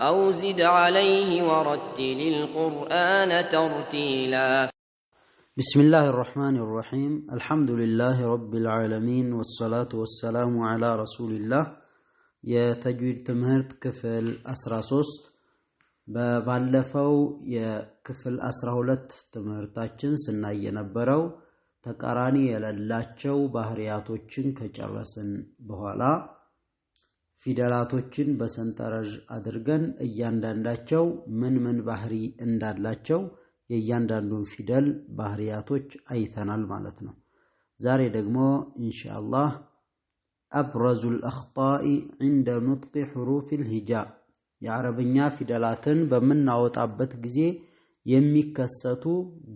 أو زد عليه ورتل القرآن ترتيلا بسم الله الرحمن الرحيم الحمد لله رب العالمين والصلاة والسلام على رسول الله يا تجويد تمهرت كفل أسرى سوست أسرى የክፍል 12 ትምህርታችን ስናይ تكاراني ተቃራኒ የሌላቸው ባህሪያቶችን كجرسن በኋላ ፊደላቶችን በሰንጠረዥ አድርገን እያንዳንዳቸው ምን ምን ባህሪ እንዳላቸው የእያንዳንዱን ፊደል ባህሪያቶች አይተናል ማለት ነው። ዛሬ ደግሞ ኢንሻአላህ አብረዙል አኽጣኢ ዒንደ ኑጥቂ ሑሩፊል ሂጃ የአረብኛ ፊደላትን በምናወጣበት ጊዜ የሚከሰቱ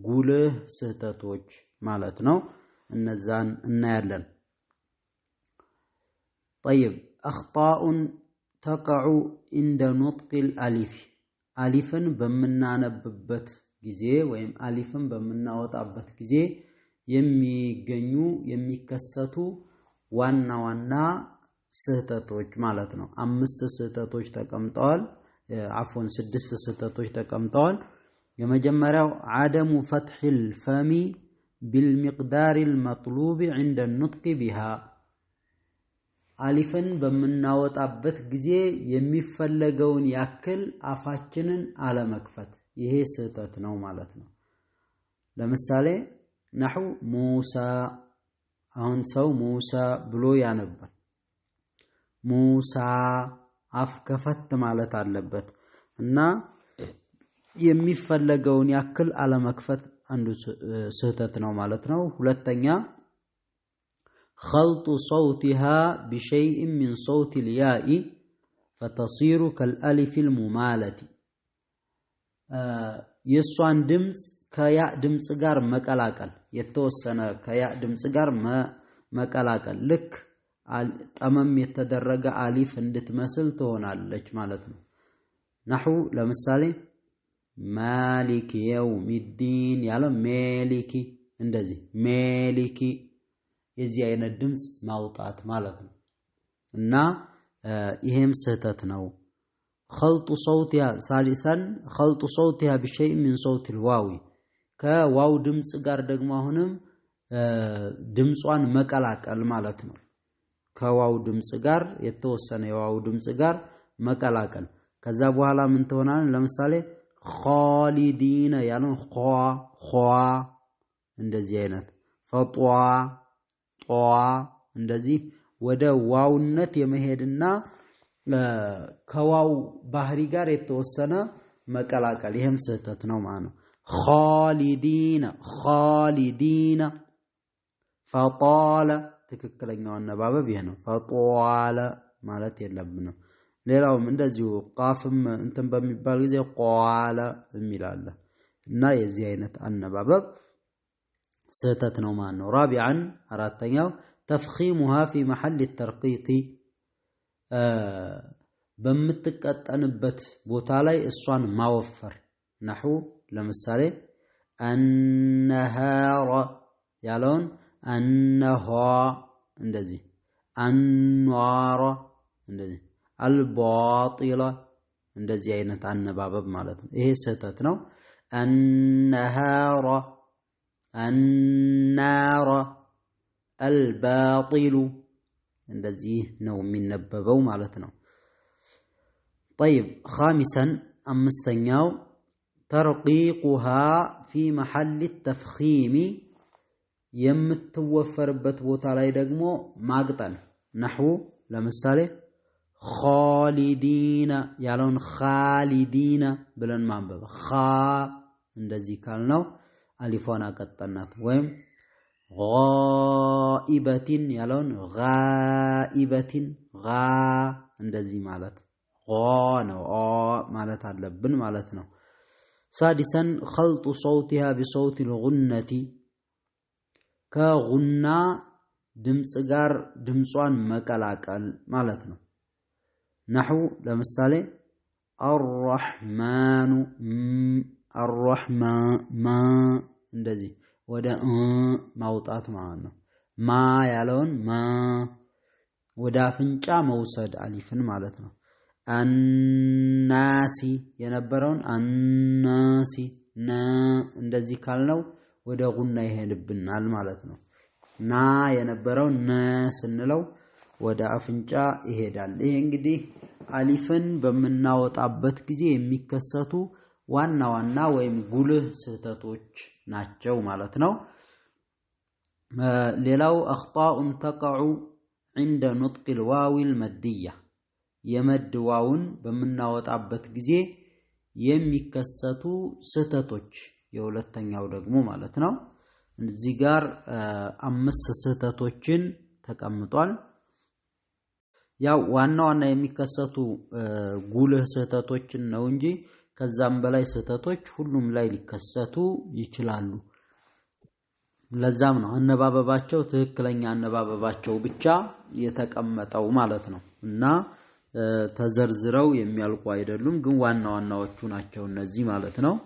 ጉልህ ስህተቶች ማለት ነው። እነዛን እናያለን። ጠይብ أخطاء تقع عند نطق الألف ألفا بمنا نببت جزي ويم ألفا بمنا وطعبت جزي يمي جنو يمي كساتو وانا وانا ستاتوش مالتنا أمست ستاتوش تكمتال عفوا سدس ستاتوش تكمتال يما جمرا عدم فتح الفم بالمقدار المطلوب عند النطق بها አሊፍን በምናወጣበት ጊዜ የሚፈለገውን ያክል አፋችንን አለመክፈት፣ ይሄ ስህተት ነው ማለት ነው። ለምሳሌ ናሁ ሙሳ፣ አሁን ሰው ሙሳ ብሎ ያነባል። ሙሳ አፍ ከፈት ማለት አለበት እና የሚፈለገውን ያክል አለመክፈት አንዱ ስህተት ነው ማለት ነው። ሁለተኛ خلط صوتها بشيء من صوت الياء فتصير كالالف الممالة የእሷን ድምፅ ከያ ድምፅ ጋር መቀላቀል የተወሰነ ከያ ድምፅ ጋር መቀላቀል ልክ ጠመም የተደረገ አሊፍ እንድትመስል ትሆናለች ማለት ነው። ናሁ ለምሳሌ ማሊኪ የውሚዲን ያለ ሜሊኪ እንደዚህ ሜሊኪ የዚህ አይነት ድምፅ ማውጣት ማለት ነው እና ይሄም ስህተት ነው። ኸልጡ ሰውቲያ ሳሊሳን ኸልጡ ሰውቲያ ብሸይ ሚን ሰውት ልዋዊ ከዋው ድምፅ ጋር ደግሞ አሁንም ድምጿን መቀላቀል ማለት ነው። ከዋው ድምፅ ጋር የተወሰነ የዋው ድምፅ ጋር መቀላቀል ከዛ በኋላ ምን ትሆናለን? ለምሳሌ ኻሊዲነ ያለን ኸዋ እንደዚህ አይነት ፈጧ ጧ እንደዚህ ወደ ዋውነት የመሄድና ከዋው ባህሪ ጋር የተወሰነ መቀላቀል ይህም ስህተት ነው ማለት ነው። ኻሊዲነ ኻሊዲነ ፈጧለ ትክክለኛው አነባበብ ይህ ነው። ፈጧለ ማለት የለብንም። ሌላውም እንደዚሁ ቃፍም እንትን በሚባል ጊዜ ቋለ የሚላለ እና የዚህ አይነት አነባበብ ስህተት ነው ማለት ነው። ራቢዓን አራተኛው ተፍኺሙሃ ፊ መሐል ተርቂቂ በምትቀጠንበት ቦታ ላይ እሷን ማወፈር ናሁ ለምሳሌ አነሃረ ያለውን አነሃ እንደዚህ አኗረ እንደዚህ አልባጢላ እንደዚህ አይነት አነባበብ ማለት ነው። ይሄ ስህተት ነው። አነሃረ አናረ አልባጢሉ እንደዚህ ነው የሚነበበው ማለት ነው። ጠይብ ኻሚሰን አምስተኛው ተርቂቁሃ ፊ መሐል ተፍኺሚ የምትወፈርበት ቦታ ላይ ደግሞ ማቅጠን ናሕው ለምሳሌ ኻሊዲነ ያለውን ኻሊዲነ ብለን ማንበብ ኻ እንደዚህ ካልነው አሊፏን አቀጠናት። ወይም ኢበቲን ያለውን ኢበቲን እንደዚህ ማለት ነው ማለት አለብን ማለት ነው። ሳዲሰን ከልጡ ሰውቲሃ ቢሰውት ጉነቲ ከጉና ድምፅ ጋር ድምጿን መቀላቀል ማለት ነው። ናሁ ለምሳሌ አራሕማኑ አራሕማ እንደዚህ ወደ ማውጣት ማለት ነው። ማ ያለውን ማ ወደ አፍንጫ መውሰድ አሊፍን ማለት ነው። አናሲ የነበረውን አናሲ ና እንደዚህ ካልነው ወደ ጉና ይሄድብናል ማለት ነው። ና የነበረው ነ ስንለው ወደ አፍንጫ ይሄዳል። ይሄ እንግዲህ አሊፍን በምናወጣበት ጊዜ የሚከሰቱ ዋና ዋና ወይም ጉልህ ስህተቶች ናቸው ማለት ነው። ሌላው አኽጣኡን ተቀዑ ዒንደ ኑጥቂል ዋዊል መድያ የመድ ዋውን በምናወጣበት ጊዜ የሚከሰቱ ስህተቶች የሁለተኛው ደግሞ ማለት ነው። እዚህ ጋር አምስት ስህተቶችን ተቀምጧል። ያው ዋና ዋና የሚከሰቱ ጉልህ ስህተቶችን ነው እንጂ ከዛም በላይ ስህተቶች ሁሉም ላይ ሊከሰቱ ይችላሉ። ለዛም ነው አነባበባቸው ትክክለኛ አነባበባቸው ብቻ የተቀመጠው ማለት ነው እና ተዘርዝረው የሚያልቁ አይደሉም፣ ግን ዋና ዋናዎቹ ናቸው እነዚህ ማለት ነው።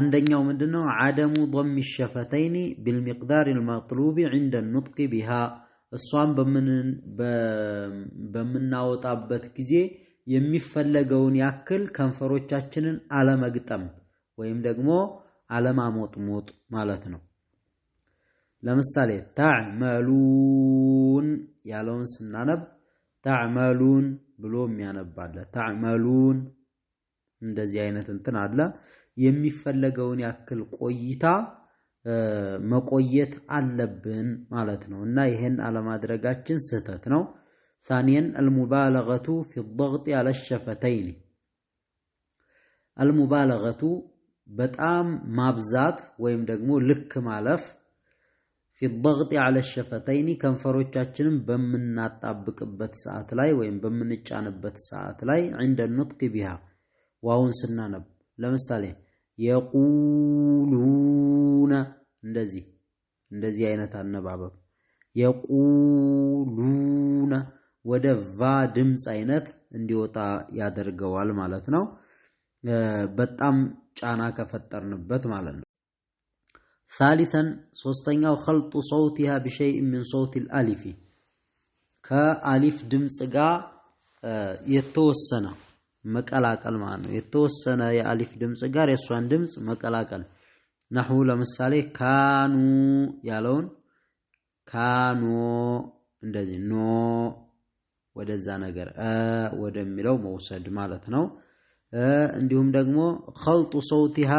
አንደኛው ምንድነው? አደሙ ضም الشفتين بالمقدار المطلوب عند النطق بها እሷን በምናወጣበት ጊዜ የሚፈለገውን ያክል ከንፈሮቻችንን አለመግጠም ወይም ደግሞ አለማሞጥሞጥ ማለት ነው። ለምሳሌ ታዕመሉን ያለውን ስናነብ ታዕመሉን ብሎ የሚያነባለ ታዕመሉን እንደዚህ አይነት እንትን አለ። የሚፈለገውን ያክል ቆይታ መቆየት አለብን ማለት ነው እና ይሄን አለማድረጋችን ስህተት ነው። ثانيا المبالغة في الضغط على الشفتين المبالغة بتام مابزات ويم دقمو لك مالف في الضغط على الشفتين ከንፈሮቻችንን በምናጣብቅበት ሰዓት ላይ ወይም በምንጫንበት ساعات لاي عند النطق بها واون سنانب ለምሳሌ يقولون እንደዚህ እንደዚህ አይነት አነባበብ የቁሉነ ወደ ቫ ድምፅ አይነት እንዲወጣ ያደርገዋል ማለት ነው። በጣም ጫና ከፈጠርንበት ማለት ነው። ሳሊሰን ሶስተኛው ኸልጡ ሰውቲሃ ብሸይ ምን ሰውት አሊፊ ከአሊፍ ድምፅ ጋር የተወሰነ መቀላቀል ማለት ነው። የተወሰነ የአሊፍ ድምፅ ጋር የእሷን ድምፅ መቀላቀል ናሁ ለምሳሌ ካኑ ያለውን ካኖ እንደዚህ ኖ ወደዛ ነገር ወደሚለው መውሰድ ማለት ነው። እንዲሁም ደግሞ ከልጡ ሰውቲሃ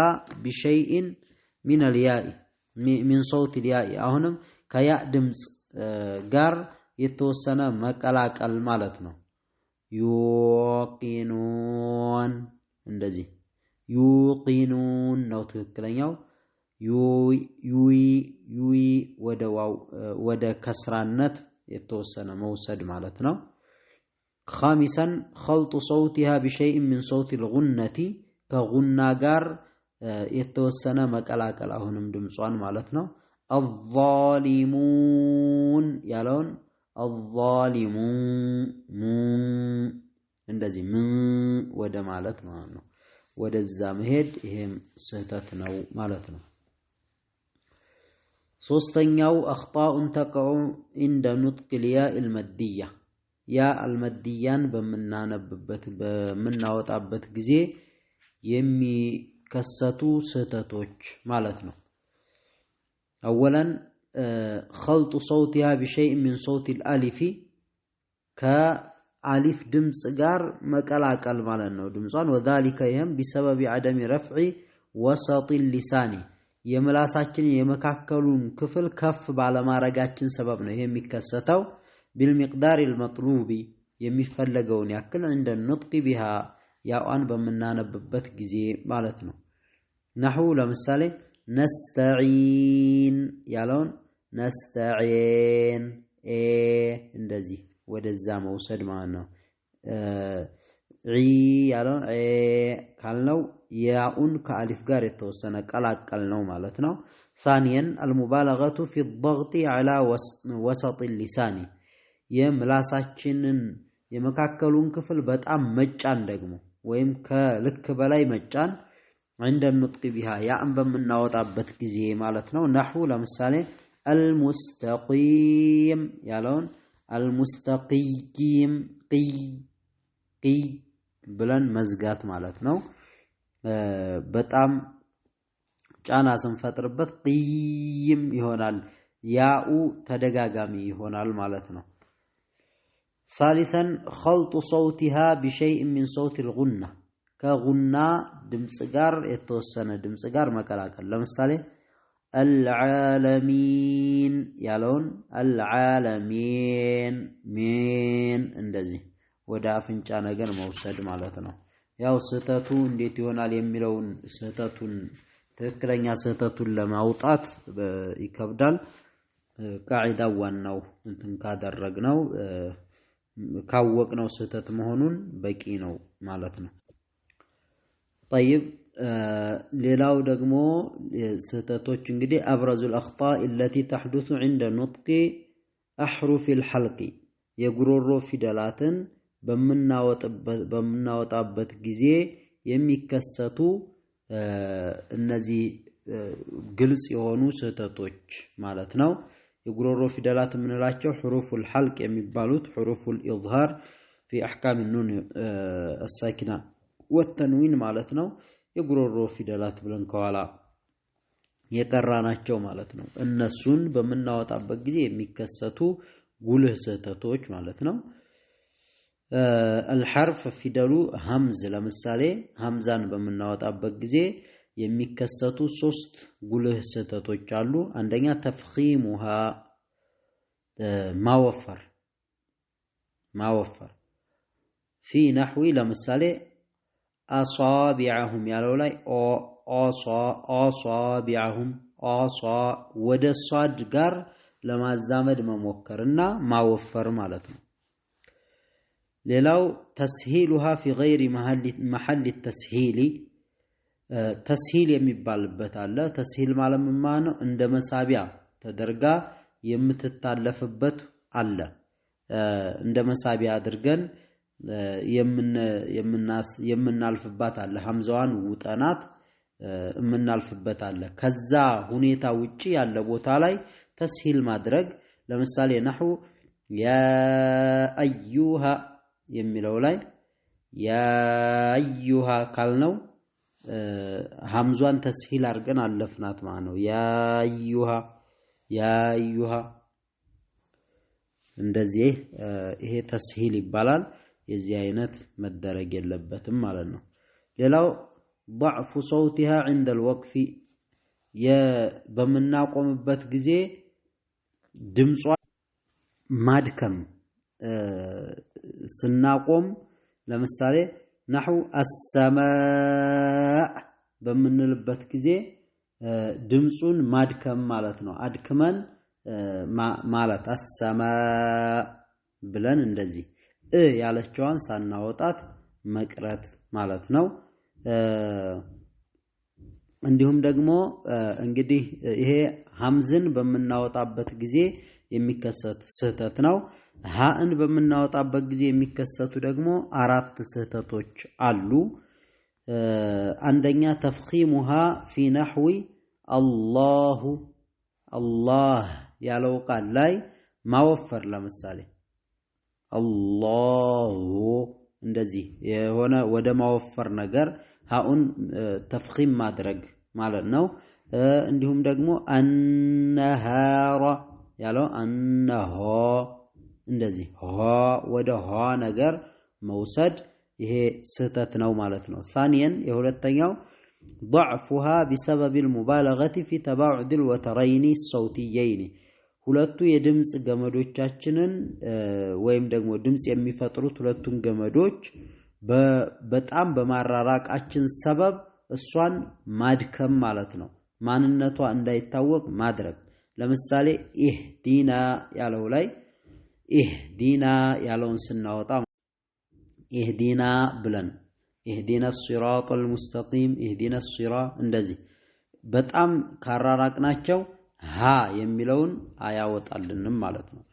ቢሸይኢን ሚነል ያኢ ሚን ሰውት ያኢ አሁንም ከያ ድምፅ ጋር የተወሰነ መቀላቀል ማለት ነው። ዩቂኑን እንደዚህ ዩቂኑን ነው ትክክለኛው። ዩዊ ወደ ከስራነት የተወሰነ መውሰድ ማለት ነው። ካሚሰን ኸልጡ ሰውቲሃ ቢሸይእን ሚን ሰውቲ ልጉነቲ ከጉና ጋር የተወሰነ መቀላቀል አሁንም ድምጿን ማለት ነው። አዛሊሙን ያለውን አዛሊሙ እንደዚህ ም ወደ ማለት ማለት ነው ወደዛ መሄድ ይሄም ስህተት ነው ማለት ነው። ሶስተኛው አኽጣኡን ተቀዑ እንደ ኑጥቅ ልያኢ ልመድያ ያ አልመድያን በምናነብበት በምናወጣበት ጊዜ የሚከሰቱ ስህተቶች ማለት ነው። አወለን ኸልጡ ሰውቲሃ ቢሸይ ሚን ሰውቲ አሊፊ ከአሊፍ ድምፅ ጋር መቀላቀል ማለት ነው ድምጿን። ወዛሊከ ይህም ቢሰበቢ አደሚ ረፍዒ ወሰጢ ሊሳኒ የምላሳችን የመካከሉን ክፍል ከፍ ባለማረጋችን ሰበብ ነው ይህ የሚከሰተው بالمقدار المطلوب يمفلقون ياكل عند النطق بها يا أن بمنا نببت جزي مالتنا نحو لمسالة نستعين يالون نستعين إيه ندزي ودزا موسد معنا آه عي يالون إيه كالنو يا أن كالف قار التوسنة كالنو مالتنا ثانيا المبالغة في الضغط على وسط اللسان የምላሳችንን የመካከሉን ክፍል በጣም መጫን ደግሞ ወይም ከልክ በላይ መጫን እንደ ንጥቅ ቢሃ ያም በምናወጣበት ጊዜ ማለት ነው። ነህው ለምሳሌ አልሙስተቂም ያለውን አልሙስተቂም ቂይ ብለን መዝጋት ማለት ነው። በጣም ጫና ስንፈጥርበት ቂይም ይሆናል። ያኡ ተደጋጋሚ ይሆናል ማለት ነው። ሳሊሰን ኸልጡ ሰውቲሃ ቢሸይእ ሚን ሰውት ልጉና ከጉና ድምፅ ጋር የተወሰነ ድምፅ ጋር መቀላቀል። ለምሳሌ አልዓለሚን ያለውን አልዓለሚን ሚን እንደዚህ ወደ አፍንጫ ነገር መውሰድ ማለት ነው። ያው ስህተቱ እንዴት ይሆናል የሚለውን ስህተቱን ትክክለኛ ስህተቱን ለማውጣት ይከብዳል። ቃዒዳ ዋናው እንትን ካደረግነው ካወቅነው ስህተት መሆኑን በቂ ነው ማለት ነው። ጠይብ ሌላው ደግሞ ስህተቶች እንግዲህ አብረዙል አኽጣእ ለቲ ተሕዱሱ ዐንደ ኑጥቂ አሕሩፊል ሐልቂ የጉሮሮ ፊደላትን በምናወጣበት ጊዜ የሚከሰቱ እነዚህ ግልጽ የሆኑ ስህተቶች ማለት ነው። የጉሮሮ ፊደላት የምንላቸው ሑሩፉል ሐልቅ የሚባሉት ሑሩፉል ኢዝሃር ፊ አሕካም ኑን ሳኪና ወተንዊን ማለት ነው። የጉሮሮ ፊደላት ብለን ከኋላ የጠራ ናቸው ማለት ነው። እነሱን በምናወጣበት ጊዜ የሚከሰቱ ጉልህ ስህተቶች ማለት ነው። አልሐርፍ ፊደሉ ሀምዝ፣ ለምሳሌ ሀምዛን በምናወጣበት ጊዜ የሚከሰቱ ሶስት ጉልህ ስህተቶች አሉ። አንደኛ ተፍኺም ውሃ ማወፈር ማወፈር ፊ ነሕዊ ለምሳሌ አሳቢዐሁም ያለው ላይ አሳቢዐሁም አሳ ወደ ሷድ ጋር ለማዛመድ መሞከር እና ማወፈር ማለት ነው። ሌላው ተስሂል ውሃ ፊ ገይሪ መሐል ተስሂሊ ተስሂል የሚባልበት አለ። ተስሂል ማለት ምን እንደ መሳቢያ ተደርጋ የምትታለፍበት አለ። እንደ መሳቢያ አድርገን የምናልፍባት አለ። ሐምዛዋን ውጠናት የምናልፍበት አለ። ከዛ ሁኔታ ውጪ ያለ ቦታ ላይ ተስሂል ማድረግ ለምሳሌ ነሑ ያ አዩሃ የሚለው ላይ ያ አዩሃ ካልነው ሀምዟን ተስሂል አድርገን አለፍናት ማለት ነው። ያዩሃ ያዩሃ እንደዚህ ይሄ ተስሂል ይባላል። የዚህ አይነት መደረግ የለበትም ማለት ነው። ሌላው ضعف صوتها عند الوقف በምናቆምበት ጊዜ ድምጿ ማድከም ስናቆም ለምሳሌ ናሑ አሰማእ በምንልበት ጊዜ ድምፁን ማድከም ማለት ነው። አድክመን ማለት አሰማእ ብለን እንደዚህ እ ያለችዋን ሳናወጣት መቅረት ማለት ነው። እንዲሁም ደግሞ እንግዲህ ይሄ ሀምዝን በምናወጣበት ጊዜ የሚከሰት ስህተት ነው። ሀእን በምናወጣበት ጊዜ የሚከሰቱ ደግሞ አራት ስህተቶች አሉ። አንደኛ ተፍኺሙሃ ፊ ነሕዊ አላሁ አላህ ያለው ቃል ላይ ማወፈር። ለምሳሌ አላሁ እንደዚህ የሆነ ወደ ማወፈር ነገር ሀኡን ተፍኺም ማድረግ ማለት ነው። እንዲሁም ደግሞ አነሃራ ያለው አነሆ እንደዚህ ሆ ወደ ሆ ነገር መውሰድ ይሄ ስህተት ነው ማለት ነው። ሳኒየን የሁለተኛው ضعفها بسبب المبالغة في تباعد الوترين الصوتيين ሁለቱ የድምፅ ገመዶቻችንን ወይም ደግሞ ድምፅ የሚፈጥሩት ሁለቱን ገመዶች በጣም በማራራቃችን ሰበብ እሷን ማድከም ማለት ነው። ማንነቷ እንዳይታወቅ ማድረግ ለምሳሌ ኢህዲና ያለው ላይ ኢህዲና ያለውን ስናወጣ ኢህዲና ብለን ኢህዲና ሲራጠል ሙስተቂም ኢህዲና ሲራ እንደዚህ በጣም ካራራቅናቸው ሃ የሚለውን አያወጣልንም ማለት ነው።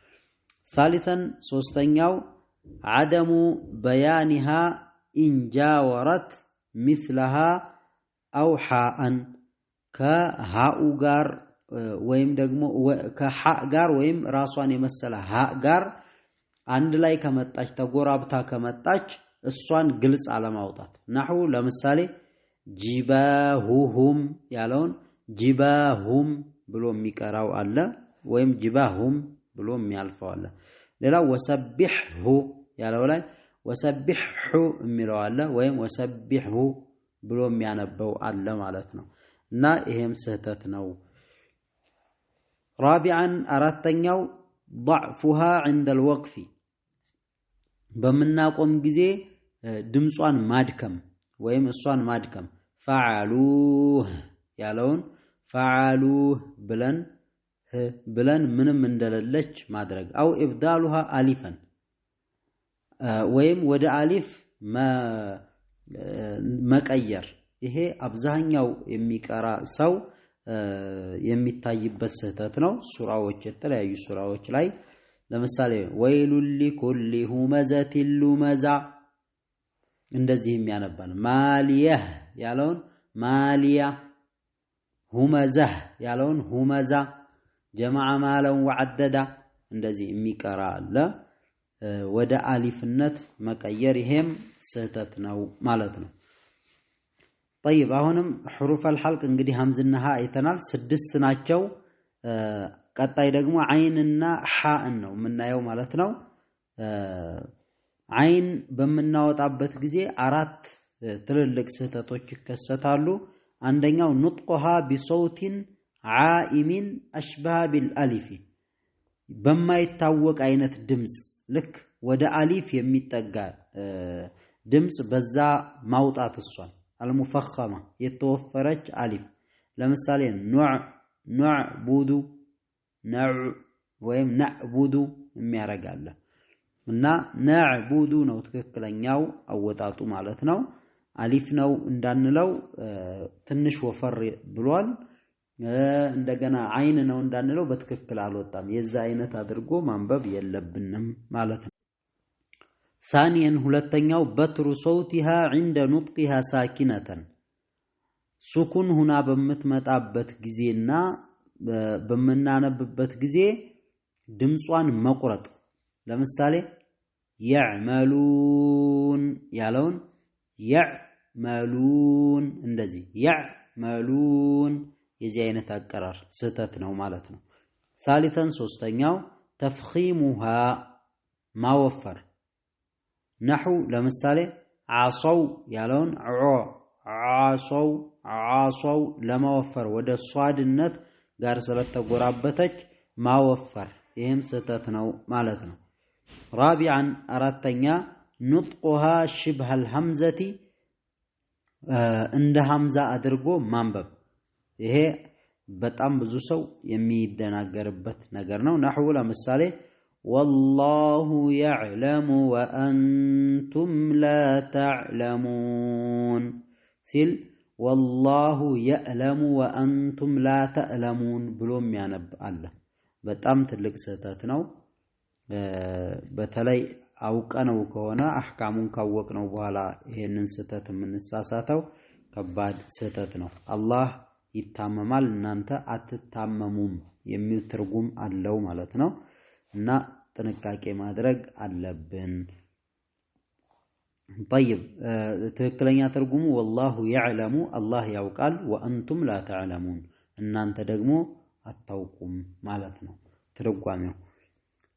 ሳሊሰን ሶስተኛው አደሙ በያኒሃ ኢንጃወረት ሚስለሃ አው ሓአን ከሃኡ ጋር ወይም ደግሞ ከሐ ጋር ወይም ራሷን የመሰለ ሃ ጋር አንድ ላይ ከመጣች ተጎራብታ ከመጣች እሷን ግልጽ አለማውጣት። ናሁ ለምሳሌ ጂባሁሁም ያለውን ጂባሁም ብሎ የሚቀራው አለ፣ ወይም ጂባሁም ብሎ የሚያልፈው አለ። ሌላው ወሰቢሕሁ ያለው ላይ ወሰቢሕሁ የሚለው አለ፣ ወይም ወሰቢሕሁ ብሎ የሚያነበው አለ ማለት ነው። እና ይሄም ስህተት ነው። ራቢዓን አራተኛው ضعفها عند الوقف በምናቆም ጊዜ ድምጿን ማድከም ወይም እሷን ማድከም ፈዓሉህ ያለውን ፈዓሉህ ብለን ብለን ምንም እንደሌለች ማድረግ አው ኢብዳሉሃ አሊፈን ወይም ወደ አሊፍ መቀየር። ይሄ አብዛኛው የሚቀራ ሰው የሚታይበት ስህተት ነው። ሱራዎች የተለያዩ ሱራዎች ላይ ለምሳሌ ወይሉን ሊኩሊ ሁመዘት ሉመዛ እንደዚህ የሚያነባን ማሊየህ ያለውን ማሊያ፣ ሁመዘህ ያለውን ሁመዛ፣ ጀማዓ ማለውን ወዐደዳ እንደዚህ የሚቀራ አለ። ወደ አሊፍነት መቀየር ይሄም ስህተት ነው ማለት ነው። ጠይብ አሁንም ሕሩፈል ሐልቅ እንግዲህ ሀምዝና ሀ አይተናል፣ ስድስት ናቸው። ቀጣይ ደግሞ ዓይንና ሐእን ነው የምናየው ማለት ነው። ዓይን በምናወጣበት ጊዜ አራት ትልልቅ ስህተቶች ይከሰታሉ። አንደኛው ኑጥቁሃ ቢሶውቲን ዓኢሚን አሽባሃ ቢልአሊፊ በማይታወቅ አይነት ድምፅ ልክ ወደ አሊፍ የሚጠጋ ድምፅ በዛ ማውጣት እሷል። አልሙፈኸማ የተወፈረች አሊፍ ለምሳሌ ኑዕ ቡዱ ነዕ ወይም ነዕቡዱ የሚያረጋለ እና ነዕቡዱ ነው ትክክለኛው አወጣጡ ማለት ነው። አሊፍ ነው እንዳንለው ትንሽ ወፈር ብሏል። እንደገና አይን ነው እንዳንለው በትክክል አልወጣም። የዛ አይነት አድርጎ ማንበብ የለብንም ማለት ነው። ሳኒየን ሁለተኛው በትሩ ሰውቲሃ ዒንደ ኑጥቂሃ ሳኪነተን ሱኩን ሁና በምትመጣበት ጊዜና በምናነብበት ጊዜ ድምጿን መቁረጥ። ለምሳሌ የዕመሉን ያለውን የዕመሉን እንደዚህ የዕመሉን የዚህ አይነት አቀራር ስህተት ነው ማለት ነው። ሳሊተን ሶስተኛው ተፍኺሙሃ ማወፈር ነሑ ለምሳሌ ዓሰው ያለውን ዖ ዓሰው ዓሰው ለማወፈር ወደ ሷድነት ጋር ስለተጎራበተች ማወፈር ይህም ስህተት ነው ማለት ነው። ራቢዓን አራተኛ ኑጥቁሃ ሽብሃል ሐምዘቲ እንደ ሐምዛ አድርጎ ማንበብ ይሄ በጣም ብዙ ሰው የሚደናገርበት ነገር ነው። ነሕው ለምሳሌ والله يعلم وأنتم لا تعلمون ሲል ወላሁ የዕለሙ ወአንቱም ላ ተዕለሙን ብሎ የሚያነብ አለ። በጣም ትልቅ ስህተት ነው። በተለይ አውቀነው ከሆነ አሕካሙን ካወቅነው በኋላ ይሄንን ስህተት የምንሳሳተው ከባድ ስህተት ነው። አላህ ይታመማል እናንተ አትታመሙም የሚል ትርጉም አለው ማለት ነው። نا تنكاكي مادرق عالبن طيب تكلنيا ترقمو والله يعلم الله يوقال وأنتم لا تعلمون ان إنان تدقمو التوقم مالتنا ترقمو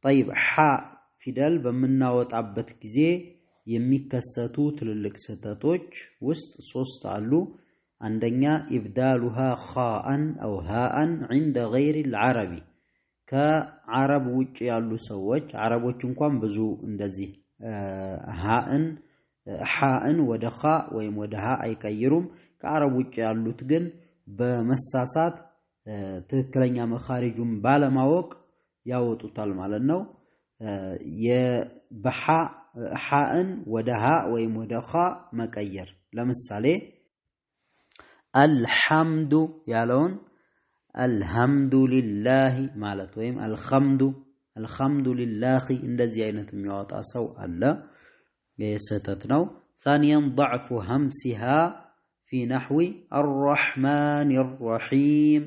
طيب حا فيدال بمنا وتعبتك زي يميكساتو تللك ستاتوش وست صوست علو عندنا إبدالها خاء أو هاء عند غير العربي ከአረብ ውጭ ያሉ ሰዎች አረቦች እንኳን ብዙ እንደዚህ ሃእን ሃእን ወደ ኻ ወይም ወደ ሃ አይቀይሩም። ከአረብ ውጭ ያሉት ግን በመሳሳት ትክክለኛ መኻሪጁን ባለማወቅ ያወጡታል ማለት ነው። በሃ ሃእን ወደ ሃ ወይም ወደ ኻ መቀየር ለምሳሌ አልሐምዱ ያለውን አልሐምዱ ሊላሂ ማለት ወይም አልሐምዱ አልሐምዱ ሊላሂ እንደዚህ አይነት የሚያወጣ ሰው አለ። የስህተት ነው። ሳኒያን ضعف همسها في نحو الرحمن الرحيم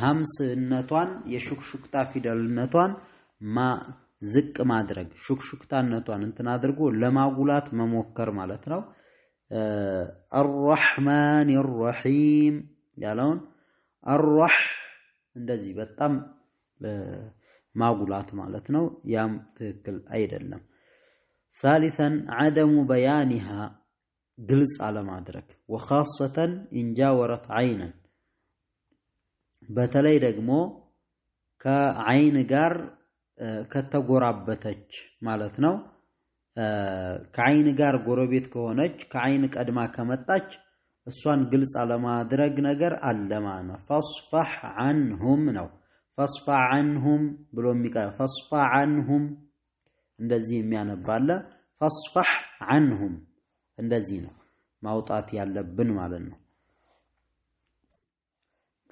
ሀምስነቷን የሹክሹክታ ፊደልነቷን ዝቅ ማድረግ ሹክሹክታነቷን እንትን አድርጎ ለማጉላት መሞከር ማለት ነው። አልረሕማን አልረሒም ያለውን አልረሕ እንደዚህ በጣም ማጉላት ማለት ነው። ያም ትክክል አይደለም። ሳሊሰን አደሙ በያኒሃ ግልጽ አለማድረግ ወኻሰተን ወረት አይነን በተለይ ደግሞ ከአይን ጋር ከተጎራበተች ማለት ነው። ከአይን ጋር ጎረቤት ከሆነች ከአይን ቀድማ ከመጣች እሷን ግልጽ አለማድረግ ነገር አለ ማለት ነው። ፈስፋሕ አንሁም ነው። ፈስፋ አንሁም ብሎ ፈስፋ አንሁም እንደዚህ የሚያነባለ ፈስፋሕ አንሁም እንደዚህ ነው ማውጣት ያለብን ማለት ነው።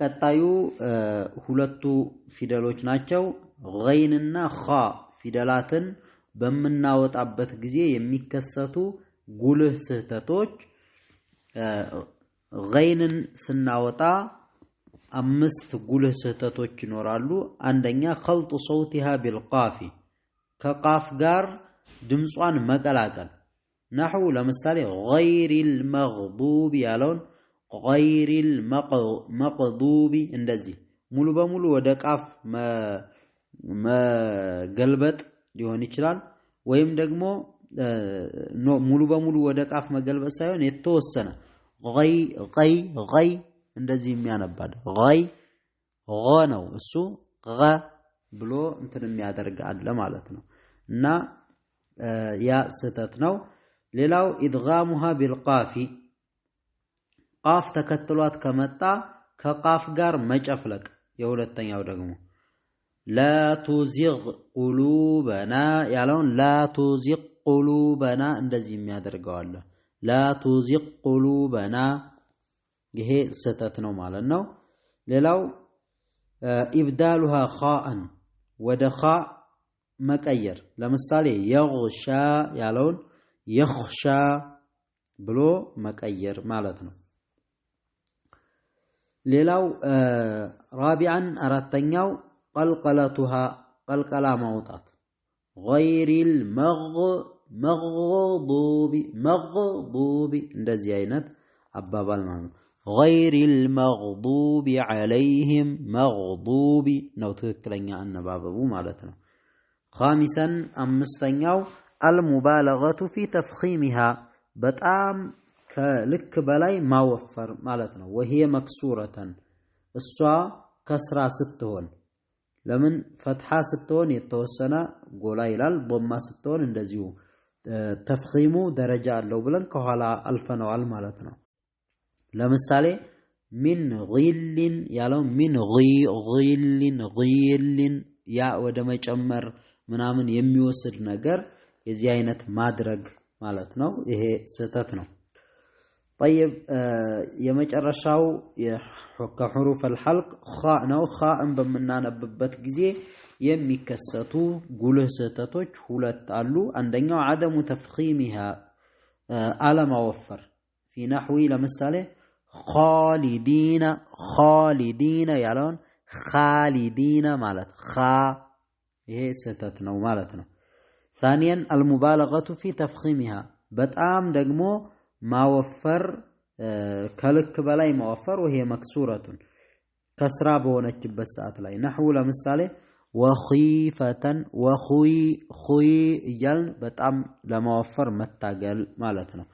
ቀጣዩ ሁለቱ ፊደሎች ናቸው። ገይንና ኻ ፊደላትን በምናወጣበት ጊዜ የሚከሰቱ ጉልህ ስህተቶች ገይንን ስናወጣ አምስት ጉልህ ስህተቶች ይኖራሉ። አንደኛ ከልጡ ሰውቲሃ ቢልቃፊ ከቃፍ ጋር ድምጿን መቀላቀል ናሕው ለምሳሌ ገይሪል መቅዱቢ ያለውን ገይሪል መቅዱቢ እንደዚህ ሙሉ በሙሉ ወደ ቃፍ መገልበጥ ሊሆን ይችላል። ወይም ደግሞ ሙሉ በሙሉ ወደ ቃፍ መገልበጥ ሳይሆን የተወሰነ ይ ይ ይ እንደዚህ የሚያነባል ይ ነው እሱ ብሎ እንትን የሚያደርግ አለ ማለት ነው። እና ያ ስህተት ነው። ሌላው ኢድጋሙሃ ቢልቃፊ ቃፍ ተከትሏት ከመጣ ከቃፍ ጋር መጨፍለቅ። የሁለተኛው ደግሞ ላቱዚቅ ቁሉበና ያለውን ላቱዚቅ ቁሉበና እንደዚህ የሚያደርገዋለን ላቱዚቅ ቁሉበና ይሄ ስህተት ነው ማለት ነው። ሌላው ኢብዳሉሃ ኻአን ወደ ኻ መቀየር። ለምሳሌ የሻ ያለውን የኽሻ ብሎ መቀየር ማለት ነው። ሌላው ራቢዐን አራተኛው ቀልቀለቱሃ ቀልቀላ ማውጣት ገይሪል መግ مغضوب مغضوب ندزي عينات أبابال مانو غير المغضوب عليهم مغضوب نو تكلنيا أن بابابو مالتنا خامسا أمستنيا المبالغة في تفخيمها بتام كلك بلاي ما وفر مالتنا وهي مكسورة السوا كسرة ستون لمن فتحة ستون يتوسنا قولا إلال ضمة ستون اندزيوه ተፍኺሙ ደረጃ አለው ብለን ከኋላ አልፈነዋል ማለት ነው። ለምሳሌ ሚን ጊልን ያለው ሚን ጊልን ጊልን ያ ወደ መጨመር ምናምን የሚወስድ ነገር የዚህ አይነት ማድረግ ማለት ነው። ይሄ ስህተት ነው። طيب የመጨረሻው ከሑሩፍ አልሐልቅ ኻ ነው ኻእን በምናነብበት ጊዜ የሚከሰቱ ጉልህ ስህተቶች ሁለት አሉ አንደኛው አደሙ ተፍኺሚሃ አለማወፈር ፊ ናሕዊ ለምሳሌ ኻሊዲነ ኻሊዲነ ያለውን ኻሊዲነ ማለት ኻ ይሄ ስህተት ነው ማለት ነው ثانيا المبالغة في تفخيمها በጣም ደግሞ ማወፈር ከልክ በላይ ማወፈር ወሄ መክሱረቱን ከስራ በሆነችበት ሰዓት ላይ ነሕው ለምሳሌ ወኺፈተን ወኹይ ኹይ እያልን በጣም ለማወፈር መታገል ማለት ነው።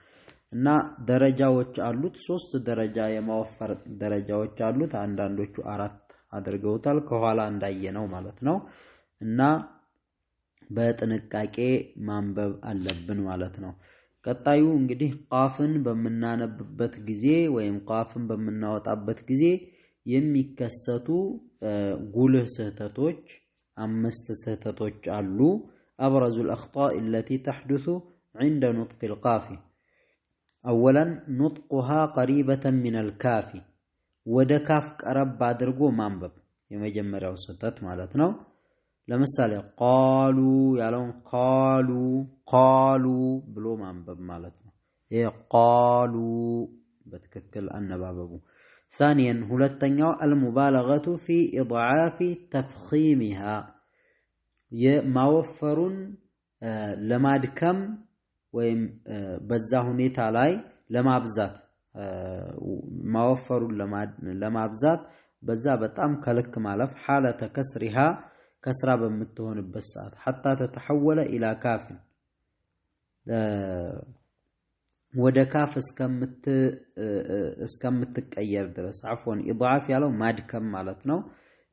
እና ደረጃዎች አሉት። ሶስት ደረጃ የማወፈር ደረጃዎች አሉት። አንዳንዶቹ አራት አድርገውታል። ከኋላ እንዳየ ማለት ነው። እና በጥንቃቄ ማንበብ አለብን ማለት ነው። ቀጣዩ እንግዲህ ቃፍን በምናነብበት ጊዜ ወይም ቃፍን በምናወጣበት ጊዜ የሚከሰቱ ጉልህ ስህተቶች አምስት ስህተቶች አሉ። أبرز الأخطاء التي تحدث عند نطق القاف أولا نطقها قريبة من الكاف ودكاف أرب بعد رجو مانبب يمجمع ستات مالتنا ለምሳሌ ቃሉ ያለውን ቃሉ ቃሉ ብሎ ማንበብ ማለት ነው። ይሄ ቃሉ በትክክል አነባበቡ። ثانيا ሁለተኛው አልሙባለገቱ ፊ ኢድዓፊ ተፍኺሚሃ የማወፈሩን ለማድከም ወይም በዛ ሁኔታ ላይ ለማብዛት ማወፈሩን ለማብዛት በዛ በጣም ከልክ ማለፍ ሐለተ ከስሪሃ ከስራ በምትሆንበት ሰዓት ሐታ ተተሐወለ ኢላ ካፍን ወደ ካፍ እስከምትቀየር ድረስ አፎን ኢድዓፍ ያለው ማድከም ማለት ነው።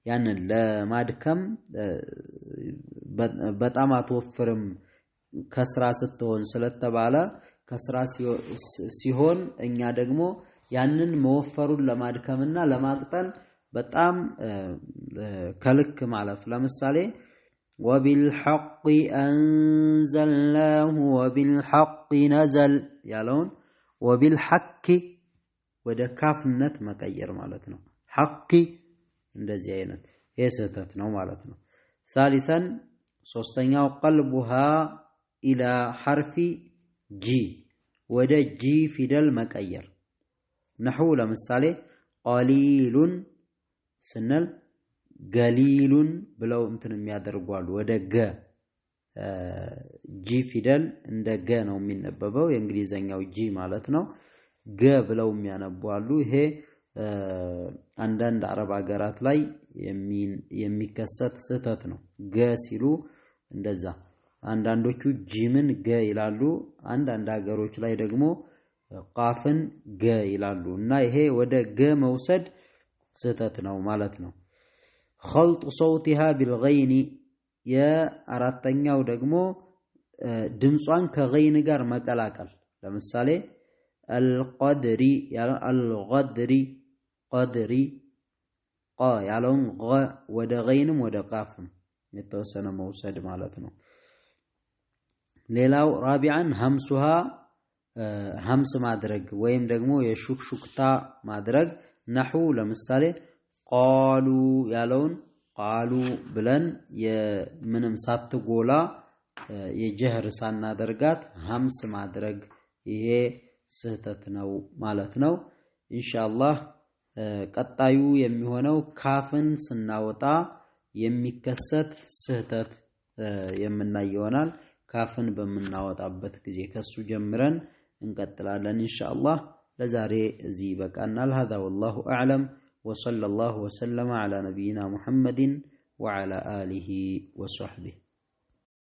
ያንን ለማድከም በጣም አትወፍርም ከስራ ስትሆን ስለተባለ ከስራ ሲሆን እኛ ደግሞ ያንን መወፈሩን ለማድከምና ለማቅጠን በጣም ከልክ ማለፍ። ለምሳሌ ወቢልሐቂ አንዘልናሁ ወቢልሐቂ ነዘል ያለውን ወቢልሐቂ ወደ ካፍነት መቀየር ማለት ነው። ሐቂ እንደዚህ አይነት ይህ ስህተት ነው ማለት ነው። ሳሊሰን ሶስተኛው ቀልቡሃ ኢላ ሐርፊ ጂ ወደ ጂ ፊደል መቀየር። ነሑ ለምሳሌ ቀሊሉን ስንል ገሊሉን ብለው እንትን የሚያደርጓሉ ወደ ገ ጂ ፊደል እንደ ገ ነው የሚነበበው የእንግሊዘኛው ጂ ማለት ነው። ገ ብለው የሚያነቧሉ። ይሄ አንዳንድ አረብ ሀገራት ላይ የሚከሰት ስህተት ነው። ገ ሲሉ እንደዛ አንዳንዶቹ ጂምን ገ ይላሉ። አንዳንድ ሀገሮች ላይ ደግሞ ቃፍን ገ ይላሉ እና ይሄ ወደ ገ መውሰድ ስህተት ነው ማለት ነው። ኸልጡ ሰውቲሃ ቢልገይኒ የአራተኛው ደግሞ ድምጿን ከገይን ጋር መቀላቀል ለምሳሌ አልቀድሪ አልቀድሪ ቀድሪ ያለውን ወደ ገይንም ወደ ቃፍም የተወሰነ መውሰድ ማለት ነው። ሌላው ራቢዓን ሀምሱሃ ሀምስ ማድረግ ወይም ደግሞ የሹክሹክታ ማድረግ ነሑ ለምሳሌ ቃሉ ያለውን ቃሉ ብለን የምንም ሳትጎላ የጀህር ሳናደርጋት ሀምስ ማድረግ ይሄ ስህተት ነው ማለት ነው። ኢንሻአላህ ቀጣዩ የሚሆነው ካፍን ስናወጣ የሚከሰት ስህተት የምናይ ይሆናል። ካፍን በምናወጣበት ጊዜ ከሱ ጀምረን እንቀጥላለን ኢንሻአላህ። لزاري زيبك أن هذا والله أعلم وصلى الله وسلم على نبينا محمد وعلى آله وصحبه